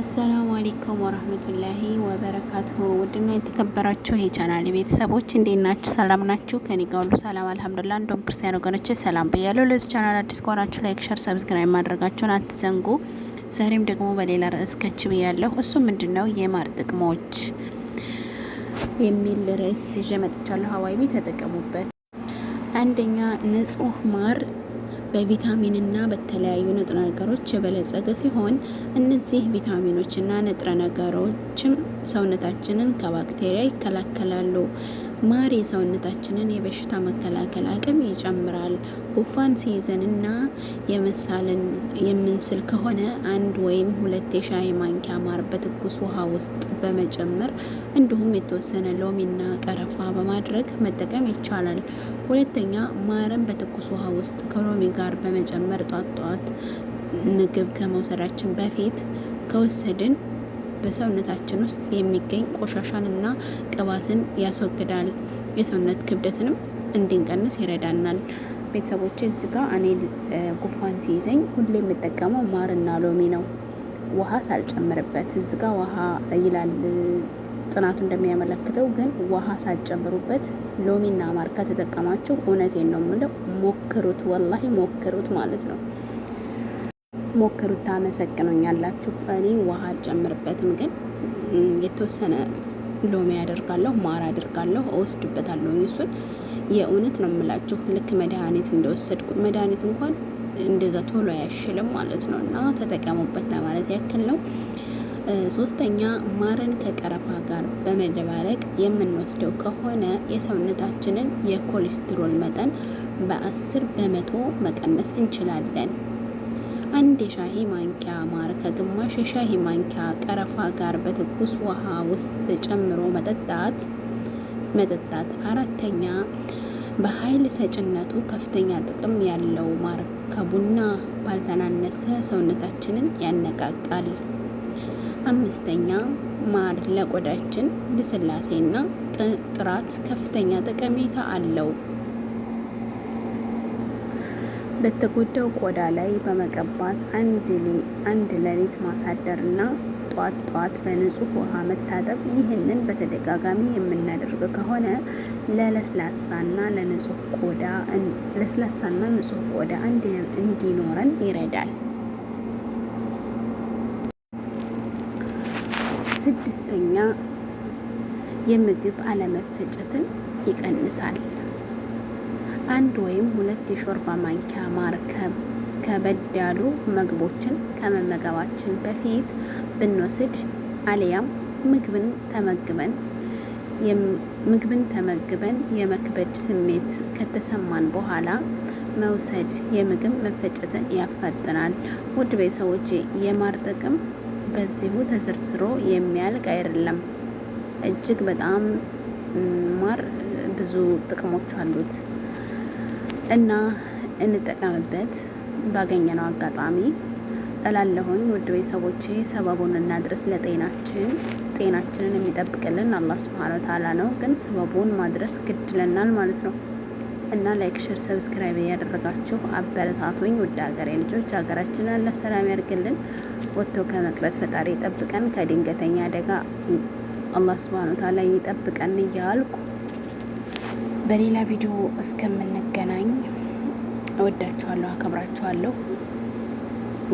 አሰላሙ አሌይኩም ወረህመቱላሂ ወበረካቱሁ። ውድና የተከበራችሁ የቻናል ቤተሰቦች እንዴት ናችሁ? ሰላም ናችሁ? ከኔ ጋር ሁሉ ሰላም አልሐምዱሊላህ። እንደውም ክርስቲያን ወገኖች ሰላም ብያለሁ። ለዚህ ቻናል አዲስ ከሆናችሁ ላይክ፣ ሸር፣ ሰብስክራይብ ማድረጋችሁን አትዘንጉ። ዛሬም ደግሞ በሌላ ርዕስ ከች ብያለሁ። እሱ ምንድን ነው የማር ጥቅሞች የሚል ርዕስ ይዤ መጥቻለሁ። ሀዋይቢ ተጠቀሙበት። አንደኛ ንጹህ ማር በቪታሚን እና በተለያዩ ንጥረ ነገሮች የበለጸገ ሲሆን እነዚህ ቪታሚኖች እና ንጥረ ነገሮችም ሰውነታችንን ከባክቴሪያ ይከላከላሉ። ማር የሰውነታችንን የበሽታ መከላከል አቅም ይጨምራል። ጉንፋን ሲይዘንና የመሳልን የምንስል ከሆነ አንድ ወይም ሁለት የሻይ ማንኪያ ማር በትኩስ ውሃ ውስጥ በመጨመር እንዲሁም የተወሰነ ሎሚና ቀረፋ በማድረግ መጠቀም ይቻላል። ሁለተኛ ማርን በትኩስ ውሃ ውስጥ ከሎሚ ጋር በመጨመር ጧት ጧት ምግብ ከመውሰዳችን በፊት ከወሰድን በሰውነታችን ውስጥ የሚገኝ ቆሻሻን እና ቅባትን ያስወግዳል። የሰውነት ክብደትንም እንድንቀንስ ይረዳናል። ቤተሰቦች እዚ ጋር እኔ ጉፋን ሲይዘኝ ሁሌ የምጠቀመው ማርና ሎሚ ነው፣ ውሃ ሳልጨምርበት። እዚ ጋር ውሃ ይላል ጥናቱ እንደሚያመለክተው ግን ውሃ ሳጨምሩበት ሎሚና ማር ከተጠቀማችሁ እውነቴን ነው የምለው፣ ሞክሩት፣ ወላሂ ሞክሩት ማለት ነው። ሞክሩት፣ ያላችሁ እኔ ውሃ አልጨምርበትም፣ ግን የተወሰነ ሎሚ አደርጋለሁ፣ ማር አደርጋለሁ፣ እወስድበታለሁ። እሱን የእውነት ነው የምላችሁ ልክ መድኃኒት እንደወሰድኩ መድኃኒት እንኳን እንደዛ ቶሎ አያሽልም ማለት ነው። እና ተጠቀሙበት ለማለት ያክል ነው። ሶስተኛ ማርን ከቀረፋ ጋር በመደባለቅ የምንወስደው ከሆነ የሰውነታችንን የኮሌስትሮል መጠን በአስር በመቶ መቀነስ እንችላለን። አንድ የሻሂ ማንኪያ ማር ከግማሽ የሻሂ ማንኪያ ቀረፋ ጋር በትኩስ ውሃ ውስጥ ጨምሮ መጠጣት መጠጣት። አራተኛ በኃይል ሰጭነቱ ከፍተኛ ጥቅም ያለው ማር ከቡና ባልተናነሰ ሰውነታችንን ያነቃቃል። አምስተኛ ማር ለቆዳችን ልስላሴና ጥራት ከፍተኛ ጠቀሜታ አለው። በተጎዳው ቆዳ ላይ በመቀባት አንድ ሌሊት ና ጧት ጧት በንጹህ ውሃ መታጠብ። ይህንን በተደጋጋሚ የምናደርግ ከሆነ ለስላሳና ንጹህ ቆዳ እንዲኖረን ይረዳል። ስድስተኛ የምግብ አለመፈጨትን ይቀንሳል። አንድ ወይም ሁለት የሾርባ ማንኪያ ማር ከበድ ያሉ ምግቦችን ከመመገባችን በፊት ብንወስድ አሊያም ምግብን ተመግበን ምግብን ተመግበን የመክበድ ስሜት ከተሰማን በኋላ መውሰድ የምግብ መፈጨትን ያፋጥናል። ውድ ቤተሰቦቼ የማር ጥቅም በዚሁ ተሰርስሮ የሚያልቅ አይደለም። እጅግ በጣም ማር ብዙ ጥቅሞች አሉት እና እንጠቀምበት ባገኘነው አጋጣሚ እላለሁኝ። ውድ ቤተሰቦቼ ሰበቡን እናድረስ ለጤናችን። ጤናችንን የሚጠብቅልን አላህ ሱብሃነሁ ወተዓላ ነው፣ ግን ሰበቡን ማድረስ ግድለናል ማለት ነው። እና ላይክ፣ ሸር፣ ሰብስክራይብ እያደረጋችሁ አበረታቱኝ። ውድ ሀገሬ ልጆች ሀገራችንን አላህ ሰላም ያርግልን፣ ወጥቶ ከመቅረት ፈጣሪ ይጠብቀን፣ ከድንገተኛ አደጋ አላህ ሱብሃነሁ ወተዓላ ይጠብቀን እያልኩ በሌላ ቪዲዮ እስከምንገናኝ እወዳችኋለሁ፣ አከብራችኋለሁ።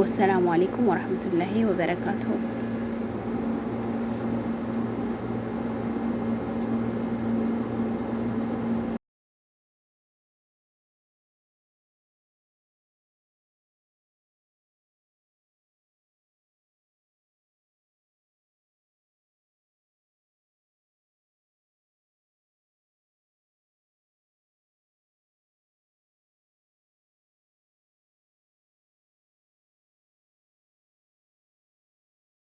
ወሰላሙ አሌይኩም ወረህመቱላሂ ወበረካቱሁ።